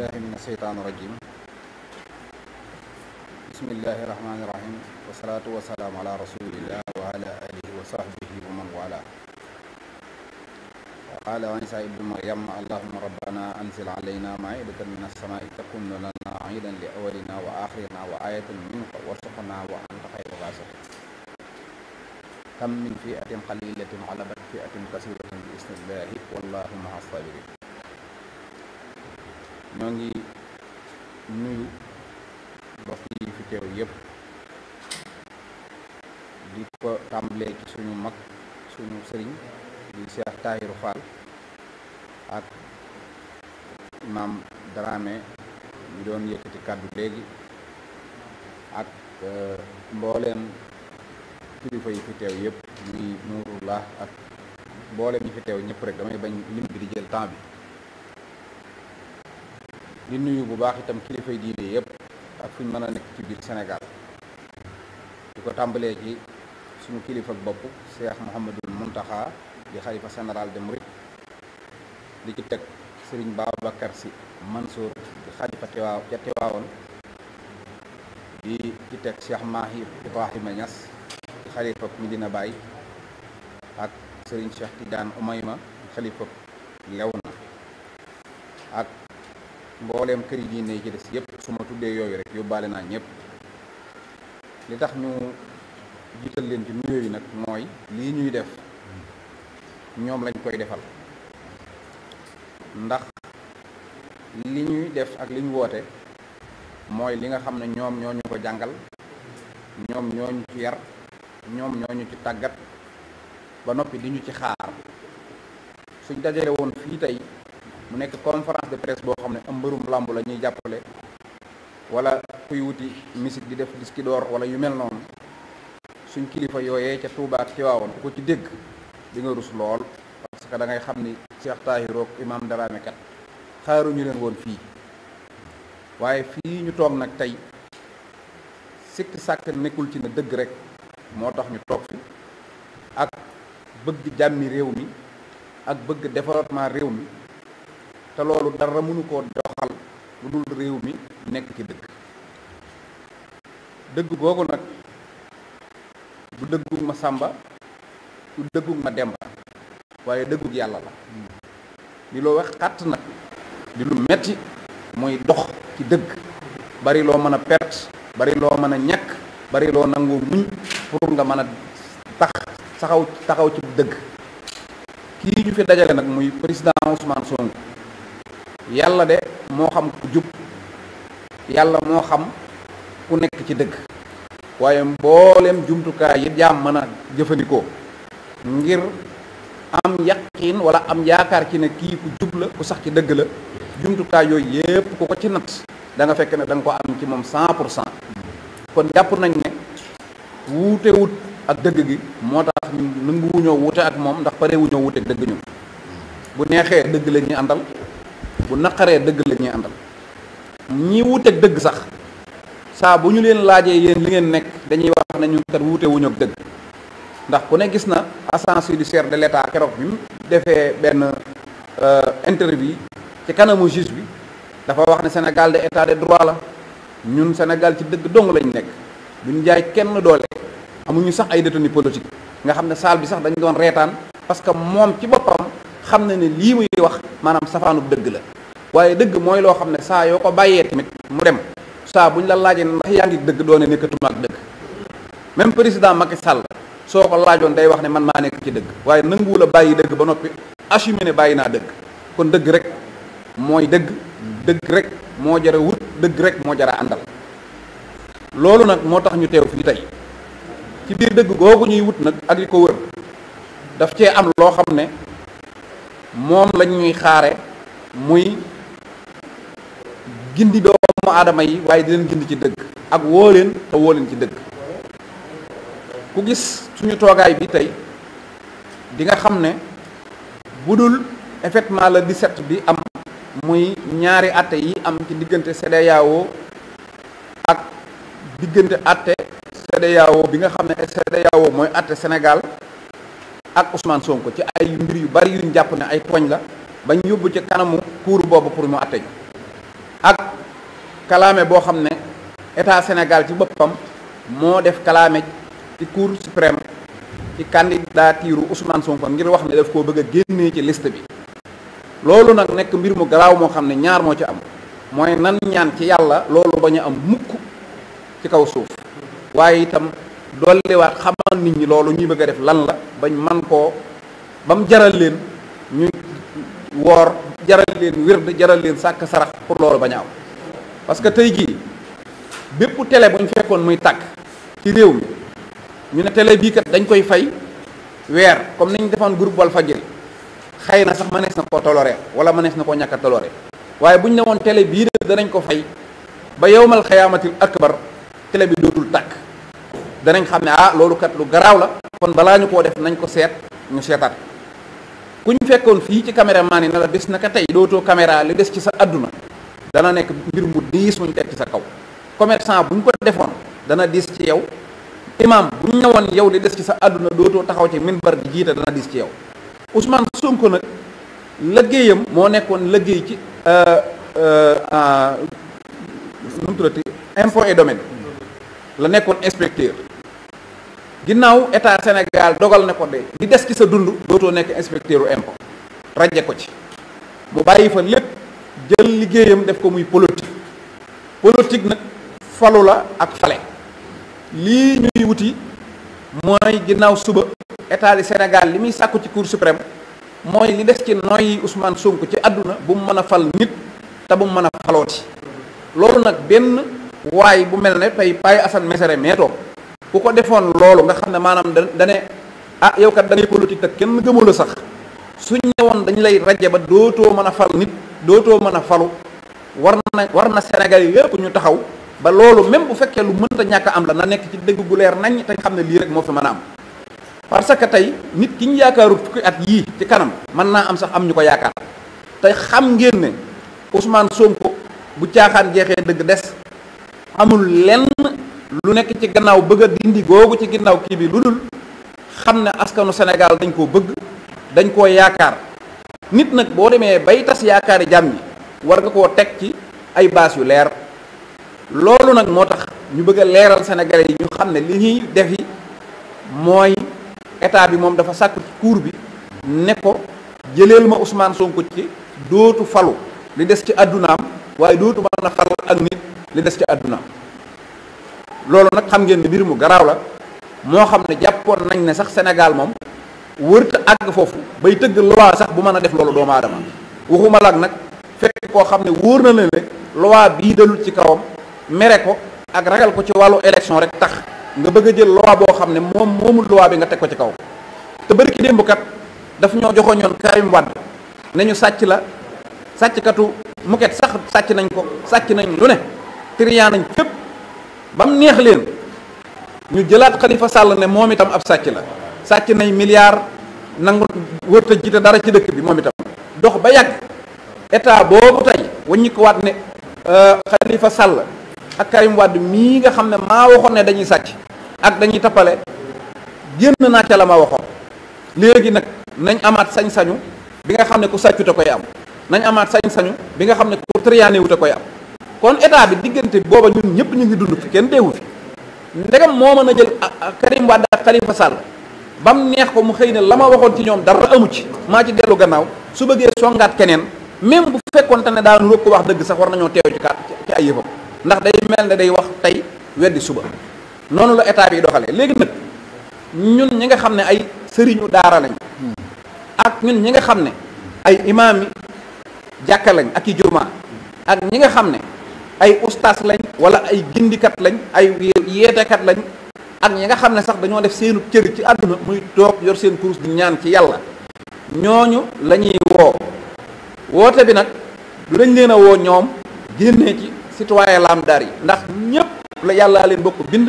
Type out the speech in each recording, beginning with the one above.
بالله من الشيطان الرجيم بسم الله الرحمن الرحيم والصلاة والسلام على رسول الله وعلى آله وصحبه ومن والاه وقال عيسى ابن مريم اللهم ربنا أنزل علينا مائدة من السماء تكون لنا عيدا لأولنا وآخرنا وآية منك وارزقنا وأنت خير الرازقين كم من فئة قليلة غلبت فئة كثيرة بإذن الله والله مع الصابرين ñoo ngi nuyu mbokk yi fi teew yépp di ko tàmbalee ci suñu mag suñu sëriñ di Cheikh Tahiru Fall ak maam Dramé ñu doon yëkkati kàddu léegi ak euh, mbooleem kilifa yi fi teew yépp muy Nuurullah ak mbooleem ñi fi teew ñëpp rek damay bañ lim bi di jël temps bi di nuyu bu baax itam kilifay diine yëpp ak fu ñu mën a nekk ci biir Sénégal di ko tàmbalee ci suñu kilifa ak bopp Cheikh Mouhamadul Mountakha di xalifa général de Mouride di ci teg Serigne Babacar Sy Mansour di xalifa Tiwaaw ca Tiwaawoon di ci teg Cheikh Mahi Ibrahima Niass xalifa Medina Baye ak Serigne Cheikh Tidiane Oumayma ak mbooleem kër yi diine yi ci des yépp su tuddee yooyu rek yóbbaale naa ñëpp li tax ñu jiital leen ci nuyoo nag mooy lii ñuy def ñoom lañ koy defal ndax li ñuy def ak li ñu woote mooy li nga xam ne ñoom ñoo ñu ko jàngal ñoom ñoo ñu ci yar ñoom ñoo ñu ci tàggat ba noppi di ñu ci xaar suñ dajale fii tey mu nekk conférence de presse boo xam ne am mbërum làmb la ñuy jàppale wala kuy wuti musique di def disque wala yu mel noonu suñ kilifa yooyee ca Touba ak Tiwaawoon ku ko ci dégg di rus lool parce que da xam ni Cheikh Tahirou ak Imam Dramé kat xaaruñu woon fii waaye fii ñu toog nag tey sikk sàkk nekkul ci na dëgg rek moo tax ñu toog fi ak bëgg jàmmi réew mi ak bëgg développement réew mi te loolu dara mënu ko doxal lu dul réew mi nekk ci dëgg dëgg googu nag du dëggug ma sàmba du dëggug ma demba waaye dëggug yàlla la li loo wax xàtt nag di lu metti mooy dox ci dëgg bari loo mën a perte bari loo mën a ñàkk bari loo nangoo muñ pour nga mën a tax saxaw taxaw ci dëgg kii ñu fi dajale nag muy président Ousmane Sonko yàlla de moo xam ku jub yàlla moo xam ku nekk ci dëgg waaye mbooleem jumtukaay yi jaam mën a jëfandikoo ngir am yaqiin wala am yaakaar ci ne kii ku jub la ku sax ci dëgg la jumtukaay yooyu yépp ku ko ci natt danga nga fekk ne da nga ko am ci moom cent pour cent kon jàpp nañ ne wuute wut ak dëgg gi moo tax nanguwuñoo wute ak moom ndax pare wuñoo wute dëgg ñun bu neexee dëgg la ñuy àndal bu naqaree dëgg la ñuy àndal ñi wuteeg dëgg sax saa bu ñu leen laajee yéen li ngeen nekk dañuy wax ne ñun kat wuute wuñu ak dëgg ndax ku ne gis na agence judiciaire de l'État keroog bi mu defee benn euh, interview ci kanamu juge bi dafa wax ne Sénégal de état de droit la ñun Sénégal ci dëgg dong lañ nekk duñ jaay kenn doole amuñu sax ay détenus politique nga xam ne saal bi sax dañ doon reetaan parce que moom ci boppam xam na ne lii muy wax maanaam safaanub dëgg la waaye dëgg mooy loo xam ne saa yoo ko bàyyee tamit mu dem saa buñ la laajee ndax yaa ngi dëgg doone nekkatuma ak dëgg même président Macky sàll soo ko laajoon day wax ne man maa nekk ci dëgg waaye nanguwul a bàyyi dëgg ba noppi assumé ne bàyyi naa dëgg kon dëgg rek mooy dëgg dëgg rek moo jara dëgg rek moo jara àndal loolu nag moo tax ñu teew fii tey ci biir dëgg googu ñuy wut nag ak yi ko wër daf cee am loo xam ne moom lañ ñuy xaare muy gindi doomu aadama yi waaye di leen gindi ci dëgg ak woo leen te woo leen ci dëgg ku gis suñu toogaay bi tey di nga xam ne bu dul effectivement la 17 bi am muy ñaari atte yi am ci diggante CEDEAO ak diggante atte CEDEAO bi nga xam ne CEDEAO mooy atte senegal ak Ousmane Sonko ci ay mbir yu bari yuñ jàpp ne ay tooñ la bañ yóbbu ci kanamu cour boobu pour mu atte ak kalaame boo xam ne état senegal ci boppam moo def kalaame ci cour suprême ci candidature Ousmane Sonko ngir wax ne daf koo bëgg a génnee ci liste bi loolu nag nekk mbir mu garaaw moo xam ne ñaar moo ci am mooy nan ñaan ci yàlla loolu ba ñu am mukk ci kaw suuf waaye itam dolliwaat xamal nit ñi loolu ñuy bëgg a def lan la bañ man koo ba jaral leen ñu woor jaral leen wird jaral leen sàkk sarax pour loolu bañ a am parce que tey jii bépp télé bu ñu fekkoon muy tàkk ci réew mi ñu ne tele bii kat dañ koy fay weer comme niñ defoon groupe Walfadjri xëy na sax mënees na koo toloree wala mënees na ko ñàkk a toloree waaye bu ñu ne woon télé bii de danañ ko fay ba yowmal xayaamatil akbar télé bi dootul tàkk danañ xam ne ah loolu kat lu garaaw la kon balaa ñu koo def nañ ko seet ñu seetaat ku ñu fekkoon fii ci caméraman yi na la bés na ka tey dootoo caméra li des ci sa adduna dana nekk mbir mu diis muñ teg ci sa kaw commerçant bu ñu ko defoon dana diis ci yow imam bu ñu ñëwoon yow li des ci sa àdduna dootoo taxaw ci minbar di jiite dana diis ci yow Ousmane Sonko nag liggéeyam moo nekkoon liggéey ci euh, euh, nu mu tuddati impôt et domaine la nekkoon inspecteur ginnaaw état Sénégal dogal ne ko de li des ci sa dund dootoo nekk inspecteur u impôt raje ko ci mu bàyyi fa lépp jël liggéeyam def ko muy politique politique nag falu la ak fale lii ñuy wuti mooy ginnaaw suba état du senegal li muy sàkku ci cour suprême mooy li des ci noyyi Ousmane Sonko ci àdduna bu mu mën a fal nit te bu mu mën a falooti loolu nag benn waay bu mel ne tey Paye Assane Mesere meetoom ku ko defoon loolu nga xam ne maanaam da da ne ah yow kat da ngay politique te kenn gëmul la sax suñ ñëwoon dañu lay raje ba dootoo mën a falu nit dootoo mën a falu war na war na Sénégal yi yëpp ñu taxaw ba loolu même bu fekkee lu mënta ñàkk am la na nekk ci dëgg gu leer nañ te xam ne lii rek moo fi mën a am parce que tey nit ki ñu yaakaaru fukki at yii ci kanam mën naa am sax am ñu ko yaakaar tey xam ngeen ne Ousmane Sonko bu caaxaan jeexee dëgg des amul lenn lu nekk ci gannaaw bëgg a dindi googu ci ginnaaw kii bi lu dul xam ne askanu Sénégal dañ koo bëgg dañ koo yaakaar nit nag boo demee bay tas yaakaari jàmm yi war nga koo teg ci ay baas yu leer loolu nag moo tax ñu bëgg a leeral Sénégalais yi ñu xam ne li ñuy def yi mooy état bi moom dafa sàkk kuur bi ne ko jëleel ma Ousmane Sonko ci dootu falu li des ci àddunaam waaye dootu mën a ak nit li des ci àddunaam loolu nag xam ngeen ne mbir mu garaaw la moo xam ne jàppoon nañ ne sax Sénégal moom wërta àgg foofu bay tëgg loi sax bu mën a def loolu doomu aadama waxuma laag nag fekk koo xam ne wóor na la ne bii dalul ci kawam mere ko ak ragal ko ci wàllu élection rek tax nga bëgg a jël loi boo xam ne moom moomul loi bi nga teg ko ci kaw te bëri ki démb kat daf ñoo joxoñoon Karim Wade ne ñu sàcc la sàcckatu muket sax sàcc nañ ko sàcc nañ lu ne triant neex leen ñu jëlaat Khalifa sàll ne moom itam ab sàcc la sàcc nay milliard nangu wërta jiite dara ci dëkk bi moom itam dox ba yàgg état boobu tey waññi ko waat ne euh, Khalifa Sall ak Karim Wade mii nga xam ne maa waxoon ne dañuy sàcc ak dañuy tappale génn naa ca la ma waxoon léegi nag nañ amaat sañ-sañu bi nga xam ne ku sàccut a koy am nañ amaat sañ-sañu bi nga xam ne ku triyaanewut a koy am kon état bi diggante booba ñun ñëpp ñu ngi dund fi kenn deewu fi ndegam moo mën a jël ah, ah, Karim Wade ak Khalifa Sall ba mu neex ko mu xëy ne la ma waxoon ci ñoom dara amu ci maa ci dellu gannaaw su bëggee songaat keneen même bu fekkoon te ne daanu roog ko wax dëgg sax war nañoo teew ci kat ci ay yëfam ndax day mel ne day wax tey weddi suba noonu la état bi doxalee léegi nag ñun ñi nga xam ne ay sëriñu daara lañ ak ñun ñi nga xam ne ay imaam yi jàkka ak i jumaa ak ñi nga xam ne ay ustaas lañ wala ay gindikat lañ ay yeetekat lañ ak ñi nga xam ne sax dañoo def seenu cër ci àdduna muy toog yor seen kurus di ñaan ci yàlla ñooñu la ñuy woote bi nag du dañ leen a woo ñoom génnee ci citoyen lam dar yi ndax ñëpp la yàllaa leen bokk bind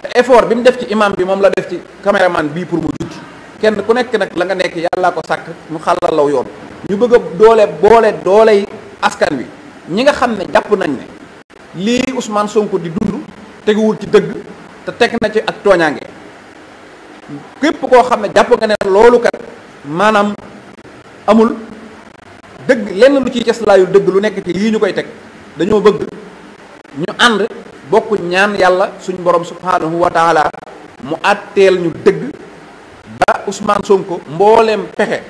te effort bi mu def ci imam bi moom la def ci caméraman bii pour mu judd kenn ku nekk nag la nga nekk yàllaa ko sàkk mu xàllal law yoon ñu bëgg a doole boole doole yi askan wi ñi nga xam ne jàpp nañ ne lii Ousmane Sonko di dund teguwul ci dëgg te teg na ci ak tooñaange képp koo xam ne jàpp nga ne loolu kat maanaam amul dëgg lenn lu ciy ceslaayul dëgg lu nekk ci yii ñu koy teg dañoo bëgg ñu ànd bokk ñaan yàlla suñ borom subhanahu wa taala mu àtteel ñu dëgg ba Ousmane Sonko mbooleem pexe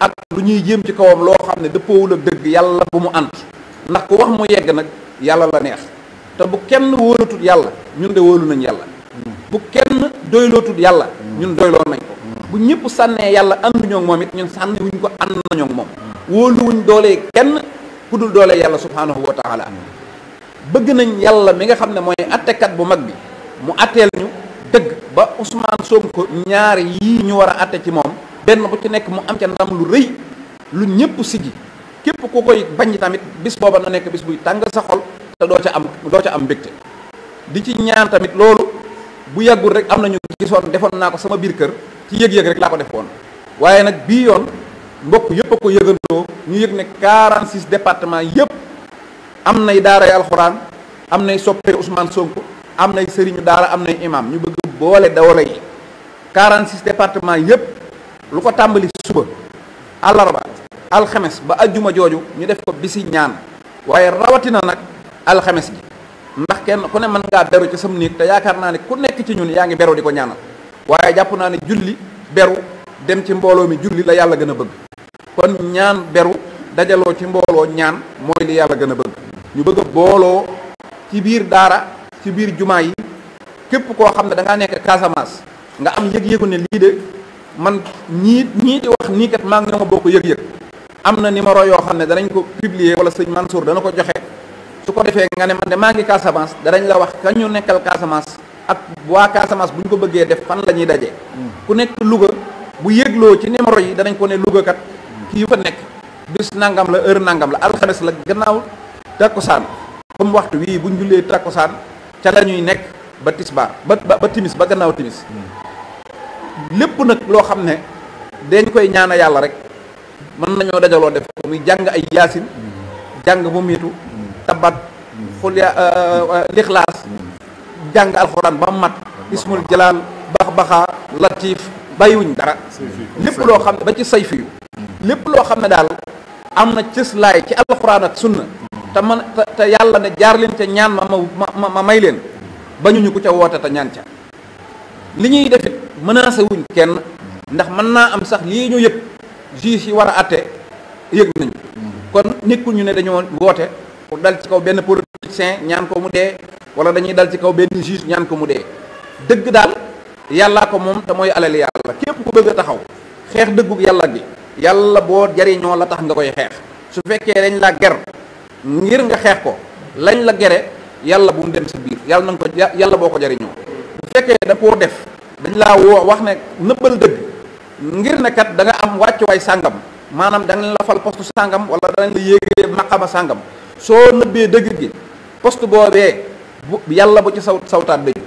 ak lu ñuy jéem ci kawam loo xam ne dëppoowul dëgg yàlla bu mu ànd ndax ku wax mu yegg nag yàlla la neex te bu kenn wóolatut yàlla ñun de wóolu nañ yàlla bu kenn doylootut yàlla ñun doyloo nañ ko bu ñëpp sànnee yàlla ànduñoo moom it ñun sànni wuñ ko ànd nañoo moom wóoluwuñ doolee kenn ku dul doolee yàlla subhaanahu wa taala bëgg nañ yàlla mi nga xam ne mooy attekat bu mag bi mu atteel ñu dëgg ba Ousmane ko ñaar yi ñu war a atte ci moom benn bu ci nekk mu am ca ndam lu rëy lu ñëpp sigi képp ku koy bañ tamit bis booba na nekk bis buy tàng sa xol te doo ca am doo ca am mbégte di ci ñaan tamit loolu bu yàggul rek am nañu gisoon defoon naa ko sama biir kër ci yëg-yëg rek laa ko defoon waaye nag bii yoon mbokk yëpp a ko yëgandoo ñu yëg ne 46 département yëpp am nay daaray alxuraan am nay soppe Ousmane Sonko am nay sëriñu daara am nay imam ñu bëgg boole doole yi 46 département yëpp lu ko tàmbali suba àllarba alxemes ba ajjuma jooju ñu def ko bisi ñaan waaye rawatina nag alxemes ji ndax kenn ku ne mën ngaa beru ci sam néeg te yaakaar naa ne ku nekk ci ñun yaa ngi beru di ko ñaanal waaye jàpp naa ne julli beru dem ci mbooloo mi julli la yàlla gën a bëgg kon ñaan beru dajaloo ci mbooloo ñaan mooy li yàlla gën a bëgg ñu bëgg a ci biir daara ci biir jumaa yi képp koo xam ne da nekk Casamance nga am yëg-yëgu ne lii de man ñii ñii di wax nii kat maa ngi ñoo ma yëg-yëg am na numéro yoo xam ne danañ ko publier wala sëñ Mansour dana ko joxe su ko defee nga ne man de maa ngi Casamance danañ la wax ka ñu nekkal Casamance ak waa Casamance bu ñu ko bëggee def fan la ñuy dajee ku nekk luga bu yëgloo ci numéro yi danañ ko ne Louga kat kii fa nekk bis nangam la heure nangam la alxames la gannaaw takkusaan comme waxtu wii buñ jullee takkusaan ca la ñuy nekk ba tisbaar ba ba timis ba gannaaw timis hmm. lépp nag loo xam ne dañ koy ñaana yàlla rek mën nañoo dajaloo def ko muy jàng ay yaasin jàng bu miitu tabat xulya euh, euh, lixlaas jàng alxuraan ba mat ismul jalaal bax baxaa latif bàyyiwuñ dara lépp loo xam ne ba ci say yu lépp loo xam ne daal am na cëslaay ci alxuraan ak sunna te man te yàlla ne jaar leen ca ñaan ma ma ma may leen ba ñu ñu ko ca woote te ñaan ca li ñuy defit menacé wuñ kenn ndax mën naa am sax lii ñu yëpp juge yi war a atte yëg nañu kon nekkul ñu ne dañoo woote pour dal ci kaw benn politicien ñaan ko mu dee wala dañuy dal ci kaw benn juge ñaan ko mu dee dëgg daal yàllaa ko moom te mooy alal yàlla képp ku bëgg a taxaw xeex dëggu yàlla bi yàlla boo jariñoo la tax nga koy xeex su fekkee dañ la ger ngir nga xeex ko lañ la gere yàlla bu mu dem sa biir yàlla nañ ko yàlla boo ko jariñoo bu fekkee da koo def dañ la woo wax ne nëbbal dëgg ngir ne kat da nga am wàccuwaay sàngam maanaam danañ la fal poste sàngam wala danañ la yéegee maqama sàngam soo nëbbee dëgg gi poste boobee bu yàlla bu ci saw sawtaat dëgg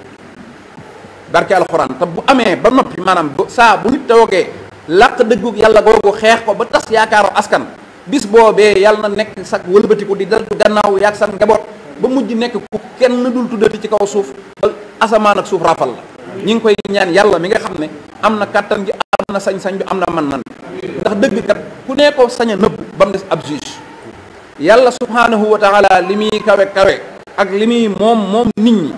barke bu amee ba noppi maanaam saa bu nit toogee làq dëggu yàlla googu xeex ko ba tas yaakaaru askan bis boobee yàlla na nekk sag wëlbatiku di deltu gannaaw yaag sag njaboot ba mujj nekk ku kenn dul tuddati ci kaw suuf ba asamaan ak suuf rafal la ñu ngi koy ñaan yàlla mi nga xam ne am na kattan gi am na sañ-sañ bi am na man-man ndax dëgg kat ku nee ko sañ nëbb ba mu des ab juge yàlla subhanahu wa taala li muy kawe kawe ak li muy moom moom nit ñi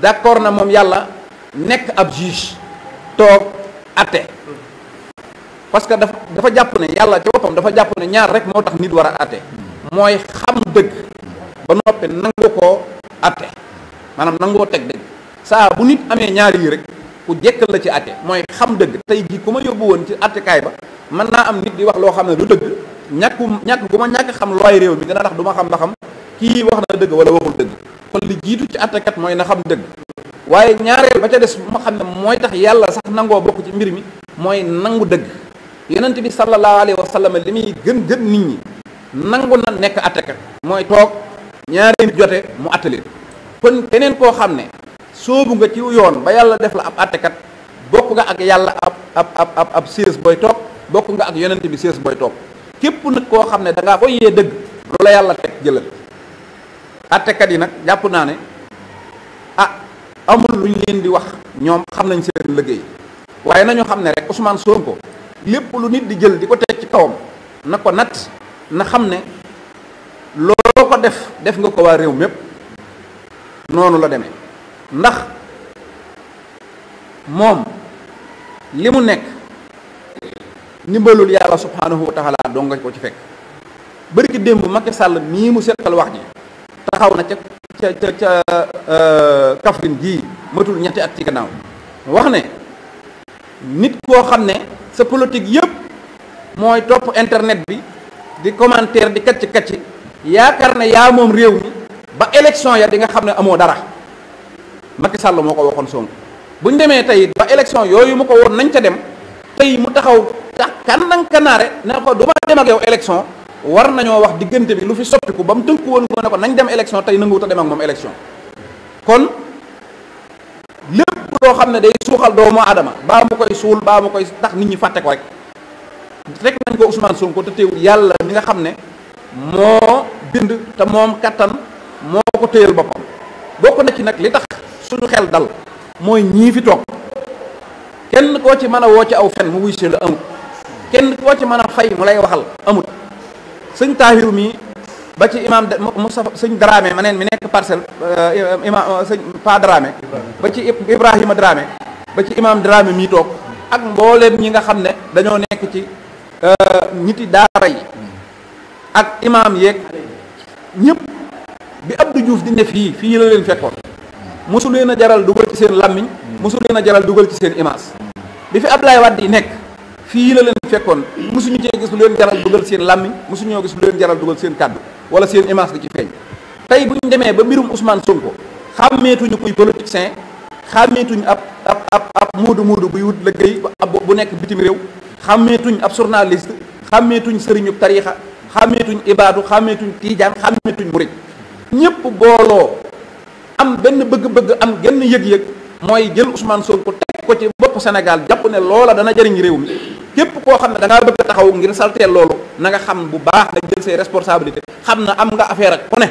d'accord na moom yàlla nekk ab juge toog atte parce que dafa dafa jàpp ne yàlla ci boppam dafa jàpp ne ñaar rek moo tax nit war a atte mooy xam dëgg ba noppi nangu koo atte maanaam nangoo teg dëgg saa bu nit amee ñaari yii rek ku jekkal la ci atte mooy xam dëgg tey jii ku ma yóbbu woon ci attekaay ba mën naa am nit di wax loo xam ne lu dëgg ñàkku ñàkk ku ma ñàkk xam looy réew mi dina tax du xam ba xam kii wax na dëgg wala waxul dëgg kon li jiitu ci attekat mooy na xam dëgg waaye ñaareel ba ca des bu ma xam ne mooy tax yàlla sax nangoo bokk ci mbir mi mooy nangu dëgg yonent bi sallallahu alayhi wa sallam li muy gën gën nit ñi nangu na nekk attekat mooy toog ñaari nit mu attaleen kon keneen koo xam ne soobu nga ci yoon ba yàlla def la ab àttekat bokk nga ak yàlla ab ab ab ab sées booy toog bokk nga ak yonent bi sées booy toog képp nag koo xam ne da ngaa foyee dëgg lu la yàlla teg jëlal àttekat yi nag jàpp naa ne ah amul lu ñu leen di wax ñoom xam nañ seen liggéey waaye nañu xam ne rek Ousmane ko lépp lu nit di jël di ko teg ci kawam na ko nat na xam ne loo ko def def nga ko waa réew mépp noonu la demee ndax moom li mu nekk ndimbalul yàlla subhanahu wa taala doo nga ko ci fekk bëri ki démb Macky Sall nii mu seqal wax ji taxaw na ca ca ca ca euh, gii matul ñetti at ci gannaaw wax ne nit koo xam ne sa politique yëpp mooy topp internet bi di commentaire di kacc kacc yaakaar na yaa moom réew mi ba élection ya di nga xam ne amoo dara Macky Sall moo ko waxoon Sonko bu ñu demee tey ba élection yooyu mu ko woon nañ ca dem tey mu taxaw tax kandankanaare ne ko du ma dem ak yow élection war nañoo wax diggante bi lu fi soppiku ba mu tënku woon ko ne ko nañ dem élection tey nanguwut a dem ak moom élection kon lépp loo xam ne day suuxal doomu adama baa mu koy suul baa mu koy tax nit ñi fàtte ko rek rek nañ ko Ousmane Sonko te teewul yàlla mi nga xam ne moo bind te moom kattan moo ko téyal bokk suñu xel dal mooy ñii fi toog kenn koo ci mën a woo ci aw fen mu wuy si la amut kenn koo ci mën a fay mu lay waxal amut sëñ taahiru mi ba ci imaam Moustapha sëñ Dramé ma neen mi nekk parcelle euh, imaam euh, sëñ Pa Dramé ba ci Ibrahima Dramé ba ci imaam Dramé mii toog ak mbooleem ñi nga xam ne dañoo nekk ci euh, ñiti daara yi ak imaam yeeg ñëpp bi Abdou Diouf di ne fii fii la leen fekkoon mosu leen a jaral dugal ci seen làmmiñ mosu leen a jaral dugal ci seen image bi fi Ablaye Wade yi nekk fii la leen fekkoon mosuñu cee gis lu leen jaral dugal seen làmmiñ mosuñoo gis lu leen jaral dugal seen kàddu wala seen image di ci feeñ tey bu ñu demee ba mbirum Ousmane Sonko xàmmeetuñu kuy politicien xàmmeetuñ ab ab ab ab muudu muudu buy wut liggéey bu nekk bitim réew xàmmeetuñ ab journaliste xàmmeetuñ sëriñu tariixa xàmmeetuñ ibaadu xàmmeetuñ tiijaan xàmmeetuñ murit ñëpp booloo am benn bëgg-bëgg am genn yëg-yëg mooy jël Ousmane Sonko teg ko ci bopp senegal jàpp ne loola dana jëriñ réew mi képp koo xam ne da ngaa bëgg a taxaw ngir salteel loolu na xam bu baax nga jël say xam na am nga affaire ak ku ne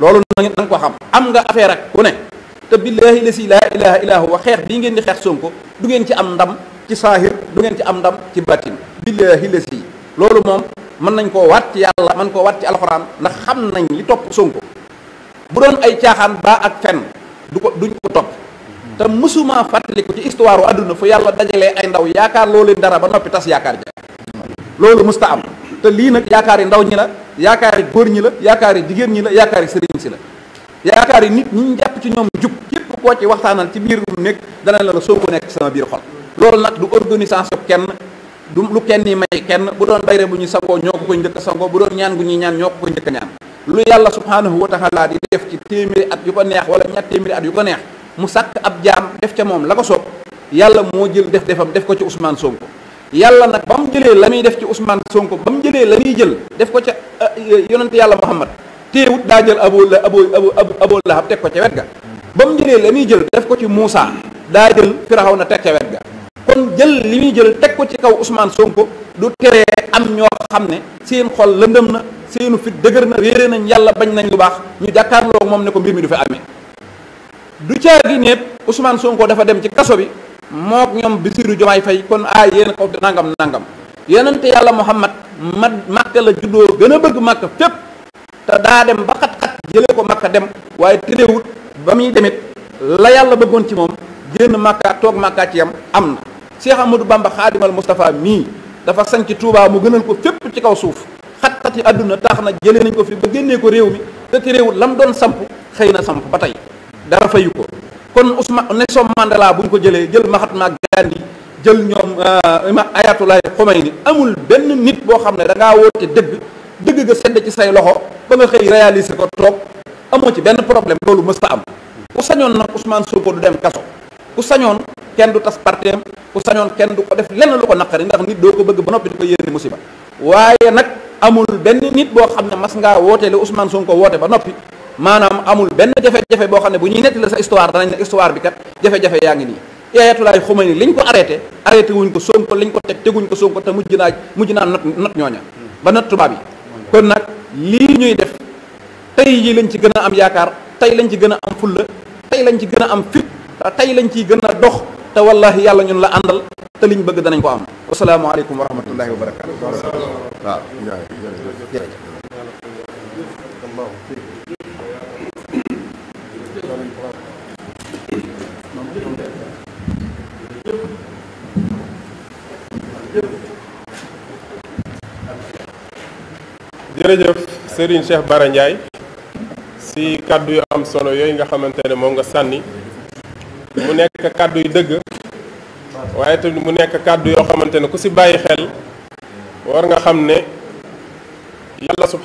loolu na nga ko xam am nga affaire ak ku ne te billaahi la si laa ilaha illa xeex bii ngeen di xeex Sonko du ngeen ci am ndam ci saahir du ngeen ci am ndam ci baatin billaahi la si loolu moom mën nañ koo waat ci yàlla mën koo waat ci alxuraan ndax xam nañ li topp Sonko bu doon ay caaxaan baa ak fen du ko duñ ko topp te mësuma fàttaliku ci histoire u àdduna fu yàlla dajalee ay ndaw yaakaar loo leen dara ba noppi tas yaakaar ja loolu mësta am te lii nag yaakaar yi ndaw ñi la yaakaar yi góor ñi la yaakaar yi jigéen ñi la yaakaar yi sëriñ si la yaakaar nit ñi ñu ci ñoom jub képp koo ci waxtaanal ci biir mu nekk dana la soo ko nekk sama biir xol loolu nag du organisation kenn lu kenn yi may kenn bu doon bayre a sangoo bu doon ñaan gu ñuy ñaan ñoo ko koy njëkk lu yàlla subhanahu wa taala di def ci téeméeri at yu ko neex wala ñaar téeméeri at yu ko neex mu sàkk ab jaam def ca moom la ko soob yàlla moo jël def defam def ko ci Ousmane Sonko yàlla nag ba mu jëlee la muy def ci Ousmane Sonko ba mu jëlee la muy jël def ko ca euh, yonent yàlla Muhammad téewut daa jël abo la abo abo abo lahab teg ko ca wet ga ba mu la muy jël def ko ci Moussa daa jël Firawna teg ca wet ga kon jël li muy jël teg ko ci kaw Ousmane Sonko du teree am ñoo xam ne seen xol lëndëm na seenu fit dëgër na réere nañ yàlla bañ nañ lu baax ñu jàkkaarloo moom ne ko mbir mi du fi amee du caagi népp Ousmane Sonko dafa dem ci kaso bi mook ñoom Bisiru Jomaay Fay kon aay yéen ko nangam nangam yonente yàlla Muhammad ma Màkka la juddoo gën a bëgg Màkka fépp te daa dem ba xat-xat jëlee ko makka dem waaye téléwut ba muy demit la yàlla bëggoon ci moom génn Màkka toog Màkka ci yam am na Cheikh Amadou Bamba Xaadimal Moustapha mii dafa sanc Touba mu gënal ko fépp ci kaw suuf xat-xati àdduna tax na jëlee nañ ko fi ba génnee ko réew mi te terewul lam doon samp xëy na samp ba tey dara fayu ko kon Ousmane Nelson Mandela bu ñu ko jëlee jël Mahatma Gandhi jël ñoom euh, ayatullah Khomeini amul benn nit boo xam ne da ngaa woote dëgg dëgg ga sedd ci say loxo ba nga xëy réaliser ko toog amoo ci benn problème loolu mës am ku sañoon nag Ousmane Sonko du dem kaso ku sañoon kenn du tas parteem ku sañoon kenn du ko def lenn lu ko naqari ndax nit doo ko bëgg ba noppi di ko yéene amul benn nit boo xam ne mas ngaa woote la Ousmane Sonko woote ba noppi maanaam amul benn jafe-jafe boo xam ne bu ñuy netti la sa histoire danañ ne histoire bi kat jafe-jafe yaa ngi nii Yaayatulaay Xumayni liñ ko arrêté arrêté wuñ ko Sonko liñ ko teg teguñ ko Sonko te mujj naa mujj naa not not ñooña ba not tubaab yi kon nag lii ñuy def tey ji lañ ci gën a am yaakaar tey lañ ci gën a am fulla tey lañ ci gën a am fit tey lañ ciy gën a dox te wallahi yàlla ñun la àndal te liñ bëgg danañ ko am wasalaamualeykum wa rahmatullahi wa waaw jërëjëf jërëjëf Serigne Cheikh Bara si kàddu yu am solo yooyu nga xamante ne moom nga sànni mu nekk kàddu yu dëgg waaye tamit mu nekk kàddu yoo xamante ne ku si bàyyi xel war nga xam ne yàlla subhaanahu